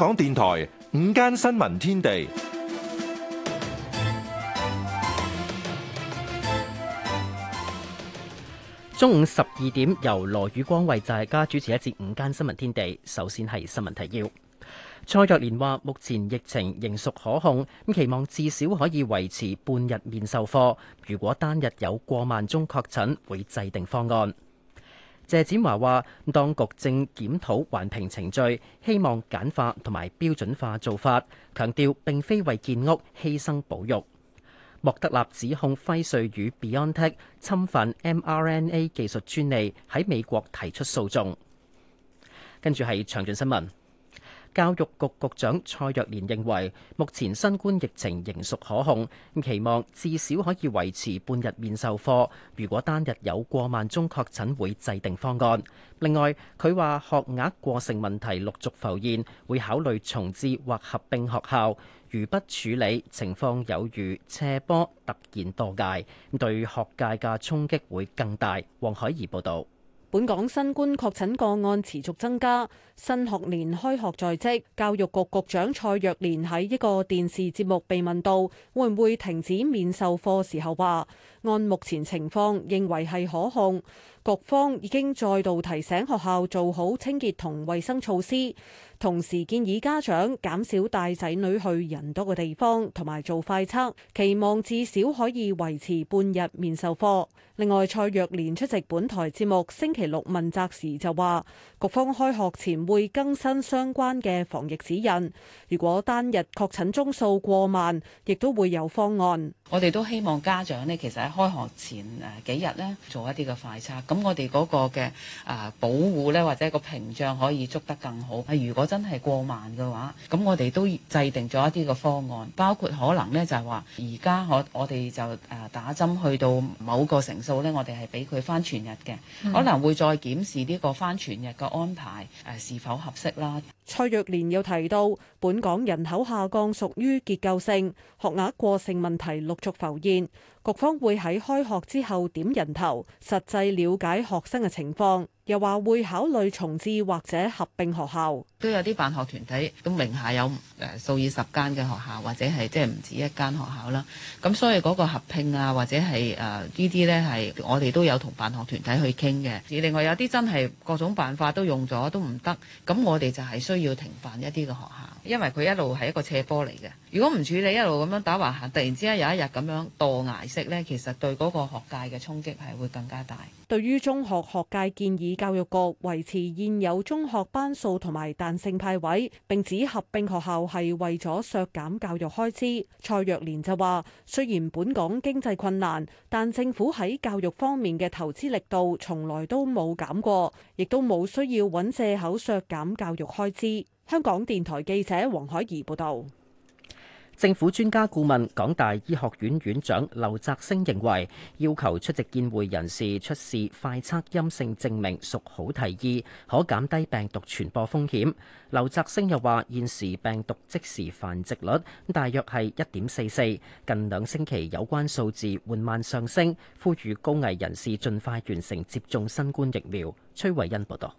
港電台午間新聞天地，中午十二點由羅宇光為大家主持一節午間新聞天地。首先係新聞提要。蔡若蓮話，目前疫情仍屬可控，咁期望至少可以維持半日面授課。如果單日有過萬宗確診，會制定方案。謝展華話，當局正檢討環評程序，希望簡化同埋標準化做法，強調並非為建屋犧牲保育。莫德納指控輝瑞與 BioNTech 侵犯 mRNA 技術專利，喺美國提出訴訟。跟住係詳盡新聞。教育局局長蔡若蓮認為，目前新冠疫情仍屬可控，期望至少可以維持半日面授課。如果單日有過萬宗確診，會制定方案。另外，佢話學額過剩問題陸續浮現，會考慮重置或合併學校。如不處理，情況有如斜坡突然多階，對學界嘅衝擊會更大。黃海怡報道。本港新冠確診個案持續增加，新學年開學在即，教育局局長蔡若蓮喺一個電視節目被問到會唔會停止面授課時候話：按目前情況，認為係可控。局方已經再度提醒學校做好清潔同衛生措施，同時建議家長減少帶仔女去人多嘅地方，同埋做快測。期望至少可以維持半日面授課。另外，蔡若蓮出席本台節目星期六問責時就話，局方開學前會更新相關嘅防疫指引。如果單日確診宗數過萬，亦都會有方案。我哋都希望家長呢，其實喺開學前誒幾日呢，做一啲嘅快測。咁我哋嗰個嘅啊、呃、保護呢，或者個屏障可以捉得更好。係如果真係過慢嘅話，咁我哋都制定咗一啲個方案，包括可能呢就係、是、話，而家可我哋就啊、呃、打針去到某個成數呢，我哋係俾佢返全日嘅，嗯、可能會再檢視呢個返全日嘅安排誒、呃、是否合適啦。蔡若蓮又提到，本港人口下降屬於結構性，學額過剩問題陸續浮現，局方會喺開學之後點人頭，實際了解學生嘅情況。又話會考慮重置，或者合併學校，都有啲辦學團體咁名下有誒數以十間嘅學校或者係即係唔止一間學校啦。咁所以嗰個合併啊或者係誒呢啲呢，係、呃、我哋都有同辦學團體去傾嘅。而另外有啲真係各種辦法都用咗都唔得，咁我哋就係需要停辦一啲嘅學校，因為佢一路係一個斜坡嚟嘅。如果唔處理，一路咁樣打橫行，突然之間有一日咁樣墮崖式呢，其實對嗰個學界嘅衝擊係會更加大。對於中學學界建議教育局維持現有中學班數同埋彈性派位，並指合併學校係為咗削減教育開支。蔡若蓮就話：雖然本港經濟困難，但政府喺教育方面嘅投資力度從來都冇減過，亦都冇需要揾藉口削減教育開支。香港電台記者黃海怡報道。政府專家顧問、港大醫學院院長劉澤星認為，要求出席宴會人士出示快測陰性證明屬好提議，可減低病毒傳播風險。劉澤星又話：現時病毒即時繁殖率大約係一點四四，近兩星期有關數字緩慢上升，呼籲高危人士盡快完成接種新冠疫苗。崔慧欣報道。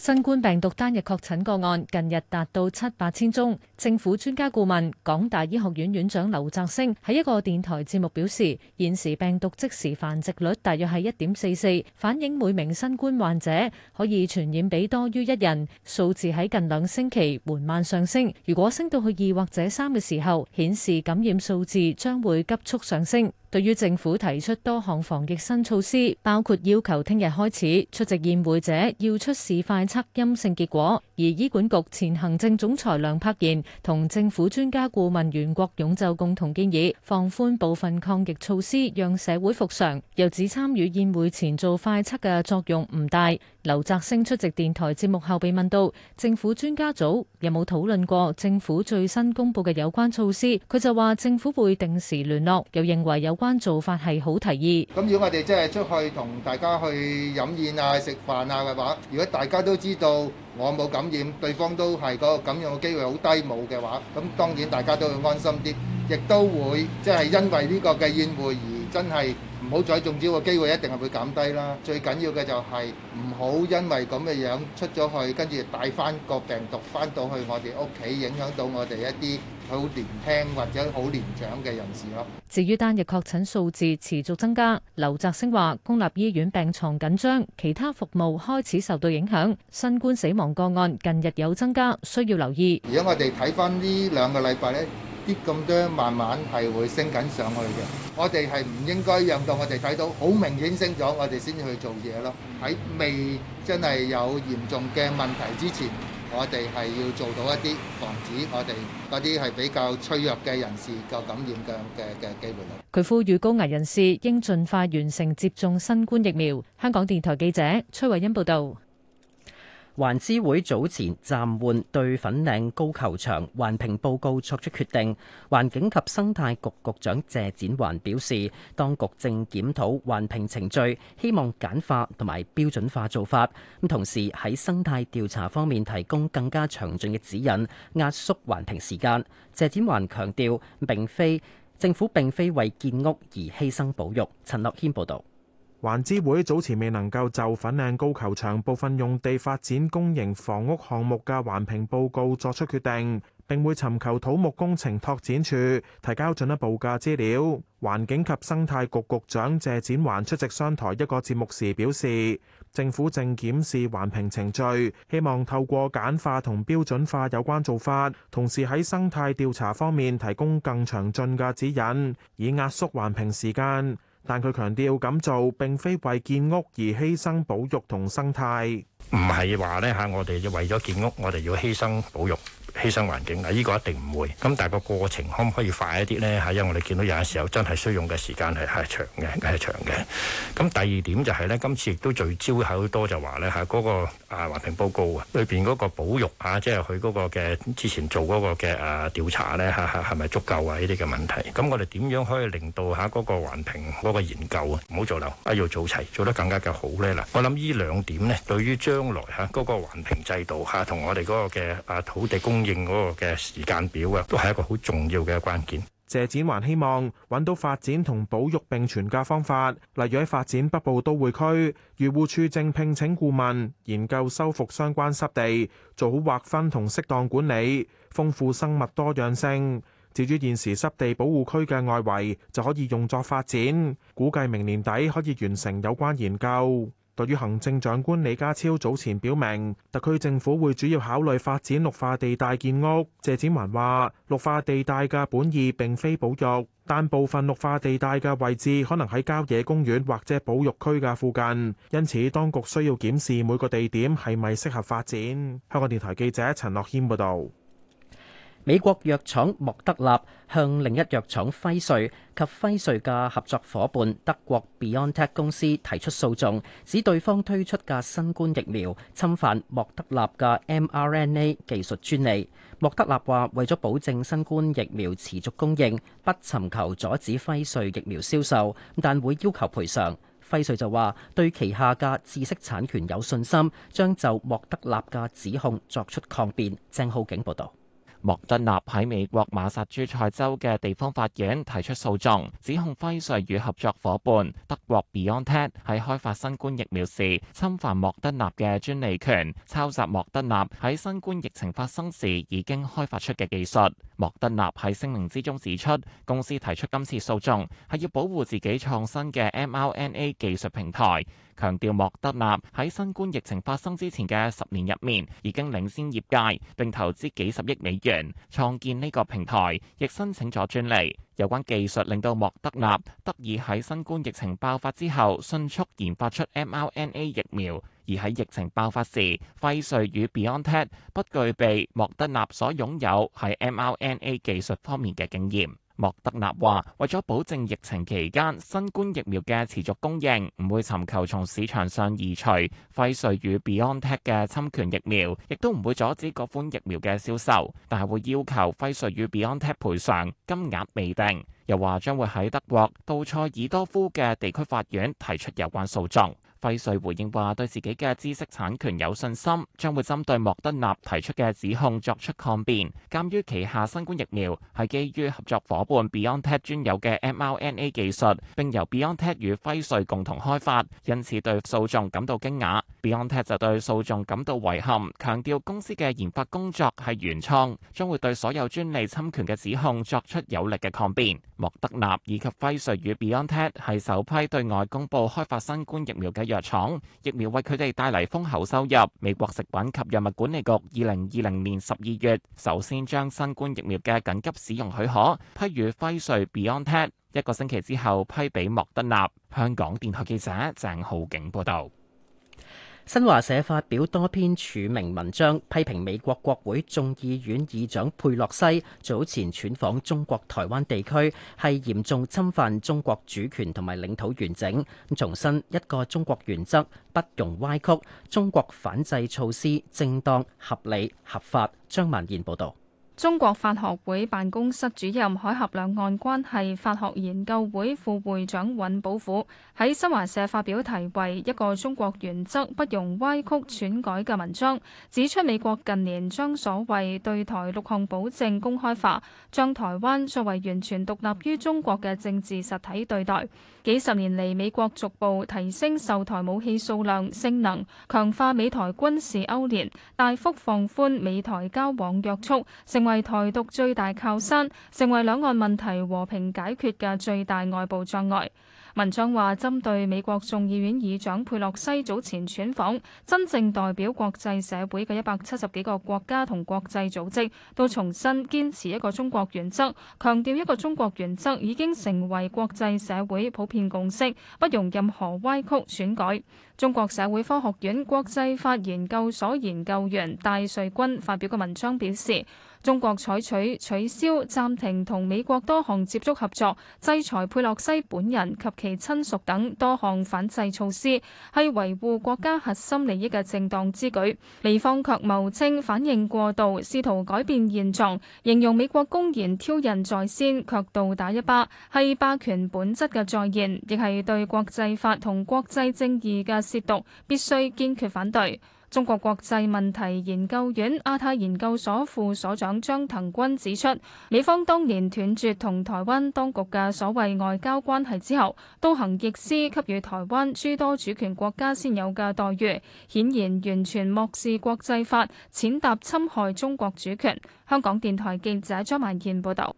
新冠病毒單日確診個案近日達到七八千宗。政府專家顧問、港大醫學院院長劉澤星喺一個電台節目表示，現時病毒即時繁殖率大約係一點四四，反映每名新冠患者可以傳染俾多於一人。數字喺近兩星期緩慢上升，如果升到去二或者三嘅時候，顯示感染數字將會急速上升。對於政府提出多項防疫新措施，包括要求聽日開始出席宴會者要出示快測陰性結果，而醫管局前行政總裁梁柏賢同政府專家顧問袁國勇就共同建議放寬部分抗疫措施，讓社會復常。又指參與宴會前做快測嘅作用唔大。劉澤星出席電台節目後，被問到政府專家組有冇討論過政府最新公布嘅有關措施，佢就話政府會定時聯絡，又認為有關做法係好提議。咁如果我哋即係出去同大家去飲宴啊、食飯啊嘅話，如果大家都知道我冇感染，對方都係個感染嘅機會好低冇嘅話，咁當然大家都會安心啲，亦都會即係因為呢個嘅宴會而真係。唔好再中招嘅機會一定係會減低啦。最緊要嘅就係唔好因為咁嘅樣出咗去，跟住帶翻個病毒翻到去我哋屋企，影響到我哋一啲好年輕或者好年長嘅人士咯。至於單日確診數字持續增加，劉澤星話公立醫院病牀緊張，其他服務開始受到影響。新冠死亡個案近日有增加，需要留意。如果我哋睇翻呢兩個禮拜咧。啲咁多，慢慢係會升緊上去嘅。我哋係唔應該讓到我哋睇到好明顯升咗，我哋先去做嘢咯。喺未真係有嚴重嘅問題之前，我哋係要做到一啲防止我哋嗰啲係比較脆弱嘅人士嘅感染嘅嘅嘅機會。佢呼籲高危人士應盡快完成接種新冠疫苗。香港電台記者崔慧欣報導。環資會早前暫緩對粉嶺高球場環評報告作出決定。環境及生態局局長謝展環表示，當局正檢討環評程序，希望簡化同埋標準化做法。咁同時喺生態調查方面提供更加詳盡嘅指引，壓縮環評時間。謝展環強調，並非政府並非為建屋而犧牲保育。陳樂軒報導。環諮會早前未能夠就粉嶺高球場部分用地發展公營房屋項目嘅環評報告作出決定，並會尋求土木工程拓展署提交進一步嘅資料。環境及生態局局長謝展寰出席商台一個節目時表示，政府正檢視環評程序，希望透過簡化同標準化有關做法，同時喺生態調查方面提供更詳盡嘅指引，以壓縮環評時間。但佢強調咁做並非為建屋而犧牲保育同生態，唔係話咧吓，我哋要為咗建屋，我哋要犧牲保育。犧牲環境啊！依個一定唔會。咁但係個過程可唔可以快一啲咧？嚇，因為我哋見到有陣時候真係需要用嘅時間係係長嘅，係長嘅。咁第二點就係咧，今次亦都聚焦喺好多就話咧嚇嗰個啊環評報告啊，裏邊嗰個保育啊，即係佢嗰個嘅之前做嗰個嘅啊調查咧嚇嚇係咪足夠啊？依啲嘅問題。咁我哋點樣可以令到嚇嗰個環評嗰個研究啊唔好做漏，一要做齊，做得更加嘅好咧？嗱，我諗依兩點咧，對於將來嚇嗰個環評制度嚇同我哋嗰個嘅啊土地供應。應嗰個嘅時間表啊，都係一個好重要嘅關鍵。謝展寰希望揾到發展同保育並存嘅方法，例如喺發展北部都會區，漁護處正聘請顧問研究修復相關濕地，做好劃分同適當管理，豐富生物多樣性。至於現時濕地保護區嘅外圍，就可以用作發展。估計明年底可以完成有關研究。對於行政長官李家超早前表明，特區政府會主要考慮發展綠化地帶建屋。謝展寰話：綠化地帶嘅本意並非保育，但部分綠化地帶嘅位置可能喺郊野公園或者保育區嘅附近，因此當局需要檢視每個地點係咪適合發展。香港電台記者陳樂軒報導。美國藥廠莫德納向另一藥廠輝瑞及輝瑞嘅合作夥伴德國 BioNTech 公司提出訴訟，指對方推出嘅新冠疫苗侵犯莫德納嘅 mRNA 技術專利。莫德納話，為咗保證新冠疫苗持續供應，不尋求阻止輝瑞疫苗銷售，但會要求賠償。輝瑞就話對旗下嘅知識產權有信心，將就莫德納嘅指控作出抗辯。鄭浩景報道。莫德納喺美國馬薩諸塞州嘅地方法院提出訴訟，指控輝瑞與合作夥伴德國 BioNTech 喺開發新冠疫苗時侵犯莫德納嘅專利權，抄襲莫德納喺新冠疫情發生時已經開發出嘅技術。莫德納喺聲明之中指出，公司提出今次訴訟係要保護自己創新嘅 mRNA 技術平台。強調莫德納喺新冠疫情發生之前嘅十年入面已經領先業界，並投資幾十億美元創建呢個平台，亦申請咗專利。有關技術令到莫德納得以喺新冠疫情爆發之後迅速研發出 mRNA 疫苗，而喺疫情爆發時，輝瑞與 Biontech 不具備莫德納所擁有喺 mRNA 技術方面嘅經驗。莫德納話：為咗保證疫情期間新冠疫苗嘅持續供應，唔會尋求從市場上移除輝瑞與 BioNTech 嘅侵權疫苗，亦都唔會阻止嗰款疫苗嘅銷售，但係會要求輝瑞與 BioNTech 賠償，金額未定。又話將會喺德國杜塞爾多夫嘅地區法院提出有關訴訟。輝瑞回應話：對自己嘅知識產權有信心，將會針對莫德納提出嘅指控作出抗辯。鑑於旗下新冠疫苗係基於合作夥伴 Biontech 專有嘅 mRNA 技術，並由 Biontech 與輝瑞共同開發，因此對訴訟感到驚訝。Biontech 就對訴訟感到遺憾，強調公司嘅研發工作係原創，將會對所有專利侵權嘅指控作出有力嘅抗辯。莫德納以及輝瑞與 Biontech 係首批對外公布開發新冠疫苗嘅。藥廠疫苗為佢哋帶嚟豐厚收入。美國食品及藥物管理局二零二零年十二月首先將新冠疫苗嘅緊急使用許可批予輝瑞 BioNTech，一個星期之後批俾莫德納。香港電台記者鄭浩景報道。新華社發表多篇署名文章，批評美國國會眾議院議長佩洛西早前竄訪中國台灣地區，係嚴重侵犯中國主權同埋領土完整。重申一個中國原則不容歪曲，中國反制措施正當合理合法。張曼燕報道。中國法學會辦公室主任、海峽兩岸關係法學研究會副會長尹寶虎喺新華社發表題為《一個中國原則不容歪曲篡改》嘅文章，指出美國近年將所謂對台六項保證公開化，將台灣作為完全獨立於中國嘅政治實體對待；幾十年嚟，美國逐步提升售台武器數量、性能，強化美台軍事勾連，大幅放寬美台交往約束，成為台獨最大靠山，成為兩岸問題和平解決嘅最大外部障礙。文章話，針對美國眾議院議長佩洛西早前竄訪，真正代表國際社會嘅一百七十幾個國家同國際組織，都重申堅持一個中國原則，強調一個中國原則已經成為國際社會普遍共識，不容任何歪曲、篡改。中國社會科學院國際法研究所研究員戴瑞君發表嘅文章表示。中國採取取消暫停同美國多項接觸合作、制裁佩洛西本人及其親屬等多項反制措施，係維護國家核心利益嘅正當之舉。美方卻謬稱反應過度，試圖改變現狀，形容美國公然挑釁在先，卻倒打一巴，係霸權本質嘅再現，亦係對國際法同國際正義嘅褻瀆，必須堅決反對。中國國際問題研究院亞太研究所副所長張騰軍指出，美方當年斷絕同台灣當局嘅所謂外交關係之後，倒行逆施，給予台灣諸多主權國家先有嘅待遇，顯然完全漠視國際法，踐踏侵害中國主權。香港電台記者張曼健報道。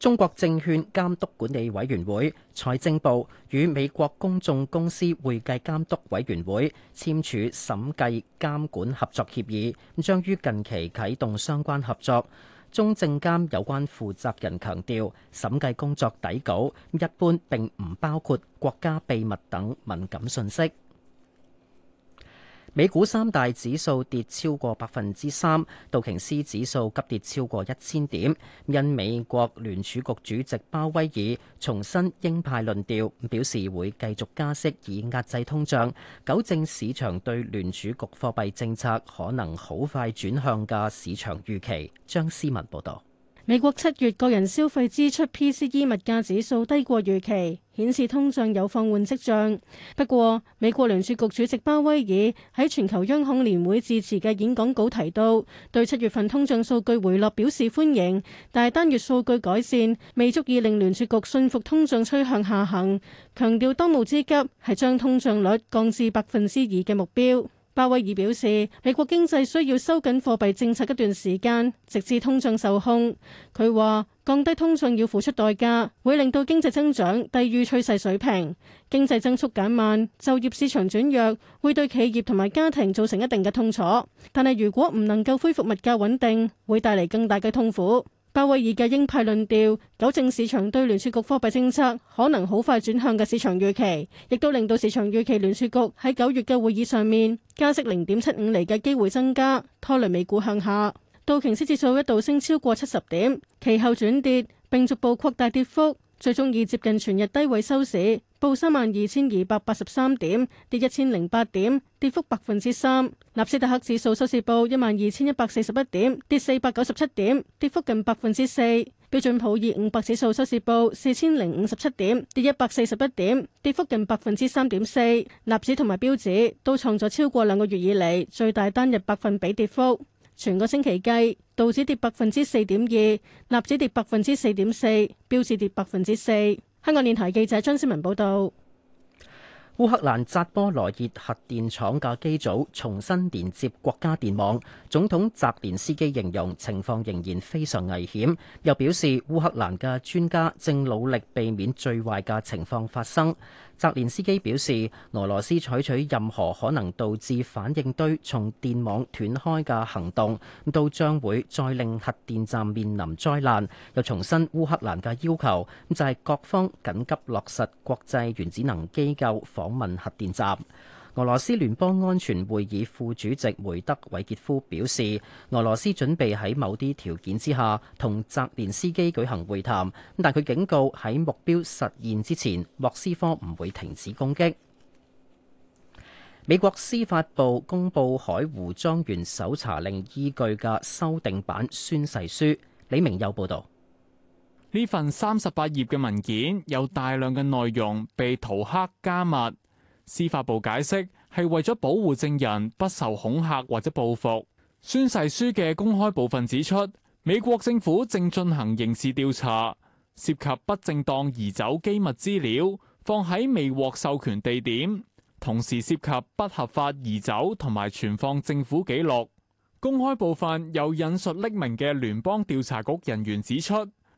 中國證券監督管理委員會、財政部與美國公眾公司會計監督委員會簽署審計監管合作協議，將於近期啟動相關合作。中證監有關負責人強調，審計工作底稿一般並唔包括國家秘密等敏感信息。美股三大指數跌超過百分之三，道瓊斯指數急跌超過一千點，因美國聯儲局主席鮑威爾重申鷹派論調，表示會繼續加息以壓制通脹，糾正市場對聯儲局貨幣政策可能好快轉向嘅市場預期。張思文報道。美國七月個人消費支出 PCE 物價指數低過預期，顯示通脹有放緩跡象。不過，美國聯儲局主席鮑威爾喺全球央行年會致辭嘅演講稿提到，對七月份通脹數據回落表示歡迎，但係單月數據改善未足以令聯儲局信服通脹趨向下行，強調當務之急係將通脹率降至百分之二嘅目標。鮑威爾表示，美國經濟需要收緊貨幣政策一段時間，直至通脹受控。佢話降低通脹要付出代價，會令到經濟增長低於趨勢水平，經濟增速減慢，就業市場轉弱，會對企業同埋家庭造成一定嘅痛楚。但係如果唔能夠恢復物價穩定，會帶嚟更大嘅痛苦。鮑威爾嘅鷹派論調，糾正市場對聯儲局貨幣政策可能好快轉向嘅市場預期，亦都令到市場預期聯儲局喺九月嘅會議上面加息零點七五厘嘅機會增加，拖累美股向下。道瓊斯指數一度升超過七十點，其後轉跌，並逐步擴大跌幅。最終以接近全日低位收市，報三萬二千二百八十三點，跌一千零八點，跌幅百分之三。納斯達克指數收市報一萬二千一百四十一點，跌四百九十七點，跌幅近百分之四。標準普爾五百指數收市報四千零五十七點，跌一百四十一點，跌幅近百分之三點四。納指同埋標指都創咗超過兩個月以嚟最大單日百分比跌幅。全個星期計，道指跌百分之四點二，納指跌百分之四點四，標指跌百分之四。香港電台記者張思文報道。烏克蘭扎波羅熱核電廠嘅機組重新連接國家電網，總統澤連斯基形容情況仍然非常危險，又表示烏克蘭嘅專家正努力避免最壞嘅情況發生。澤連斯基表示，俄羅斯採取任何可能導致反應堆從電網斷開嘅行動，都將會再令核電站面臨災難，又重申烏克蘭嘅要求，就係、是、各方緊急落實國際原子能機構。防。訪問核電站。俄羅斯聯邦安全會議副主席梅德韋傑夫表示，俄羅斯準備喺某啲條件之下同澤連斯基舉行會談，但佢警告喺目標實現之前，莫斯科唔會停止攻擊。美國司法部公布海湖莊園搜查令依據嘅修訂版宣誓書，李明佑報道，呢份三十八頁嘅文件有大量嘅內容被塗黑加密。司法部解釋係為咗保護證人不受恐嚇或者報復。宣誓書嘅公開部分指出，美國政府正進行刑事調查，涉及不正當移走機密資料，放喺未獲授權地點，同時涉及不合法移走同埋存放政府記錄。公開部分又引述匿名嘅聯邦調查局人員指出，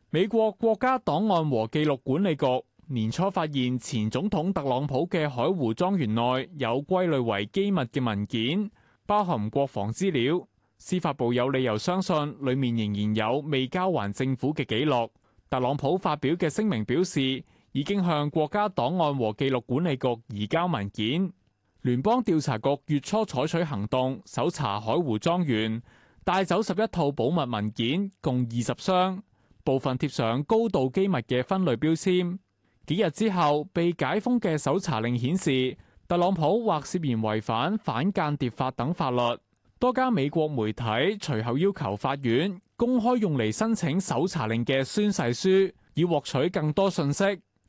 美國國家檔案和記錄管理局年初發現前總統特朗普嘅海湖莊園內有歸類為機密嘅文件，包含國防資料。司法部有理由相信裏面仍然有未交還政府嘅記錄。特朗普發表嘅聲明表示，已經向國家檔案和記錄管理局移交文件。聯邦調查局月初採取行動搜查海湖莊園，帶走十一套保密文件，共二十箱，部分貼上高度機密嘅分類標籤。幾日之後被解封嘅搜查令顯示，特朗普或涉嫌違反反間諜法等法律。多家美國媒體隨後要求法院公開用嚟申請搜查令嘅宣誓書，以獲取更多信息。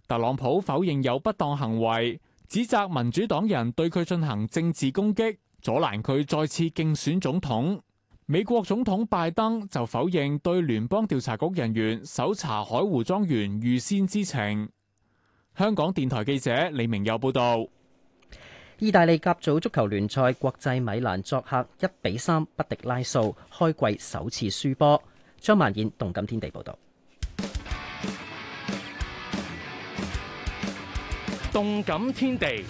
特朗普否認有不當行為，指責民主黨人對佢進行政治攻擊，阻攔佢再次競選總統。美國總統拜登就否認對聯邦調查局人員搜查海湖莊園預先知情。香港電台記者李明佑報道：意大利甲組足球聯賽，國際米蘭作客一比三不敵拉素，開季首次輸波。張曼燕，動感天地報道。動感天地。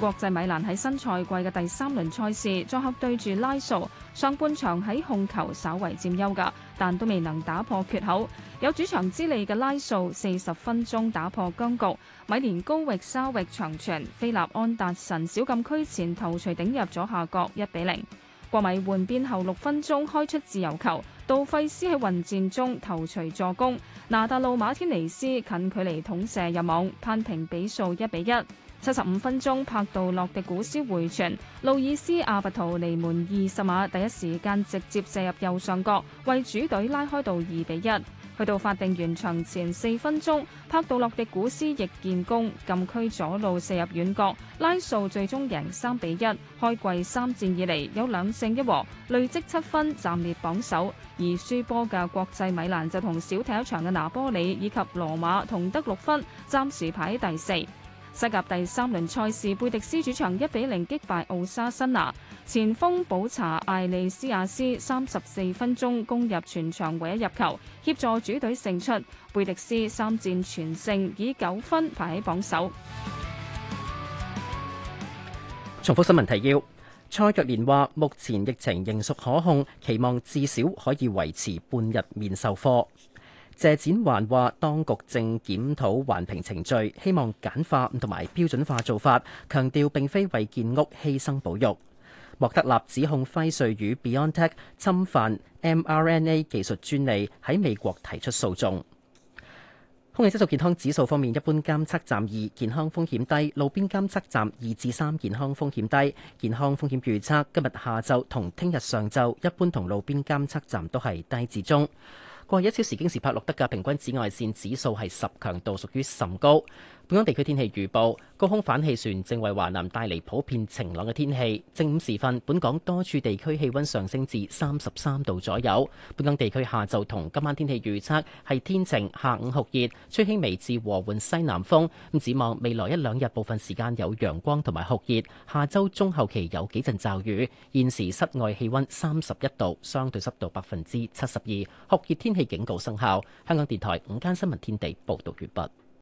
國際米蘭喺新賽季嘅第三輪賽事，作客對住拉素，上半場喺控球稍為佔優㗎，但都未能打破缺口。有主場之利嘅拉素，四十分鐘打破僵局。米連高域沙域長傳，菲立安達臣小禁區前頭槌頂入左下角，一比零。國米換邊後六分鐘開出自由球，杜費斯喺混戰中頭槌助攻，拿達路馬天尼斯近距離捅射入網，扳平比數一比一。七十五分鐘，帕杜洛迪古斯回傳，路易斯阿拔圖離門二十碼，第一時間直接射入右上角，為主隊拉開到二比一。去到法定完場前四分鐘，柏度洛迪古斯亦建功，禁區左路射入遠角，拉素最終贏三比一。開季三戰以嚟有兩勝一和，累積七分，暫列榜首。而輸波嘅國際米蘭就同少踢一場嘅拿波里以及羅馬同得六分，暫時排喺第四。西甲第三輪賽事，貝迪斯主場一比零擊敗奧沙辛拿，前鋒保查艾利斯亞斯三十四分鐘攻入全場唯一入球，協助主隊勝出。貝迪斯三戰全勝，以九分排喺榜首。重複新聞提要：蔡若蓮話，目前疫情仍屬可控，期望至少可以維持半日面授課。謝展寰話，當局正檢討環評程序，希望簡化同埋標準化做法，強調並非為建屋犧牲保育。莫德納指控輝瑞與 BioNTech 侵犯 mRNA 技術專利，喺美國提出訴訟。空氣質素健康指數方面，一般監測站二，健康風險低；路邊監測站二至三，健康風險低。健康風險預測今日下晝同聽日上晝，一般同路邊監測站都係低至中。過去一小時京士柏錄得嘅平均紫外線指數係十，強度屬於甚高。本港地區天氣預報：高空反氣旋正為華南帶嚟普遍晴朗嘅天氣。正午時分，本港多處地區氣溫上升至三十三度左右。本港地區下晝同今晚天氣預測係天晴，下午酷熱，吹輕微至和緩西南風。咁展望未來一兩日部分時間有陽光同埋酷熱。下周中後期有幾陣驟雨。現時室外氣溫三十一度，相對濕度百分之七十二，酷熱天氣警告生效。香港電台午間新聞天地報道完畢。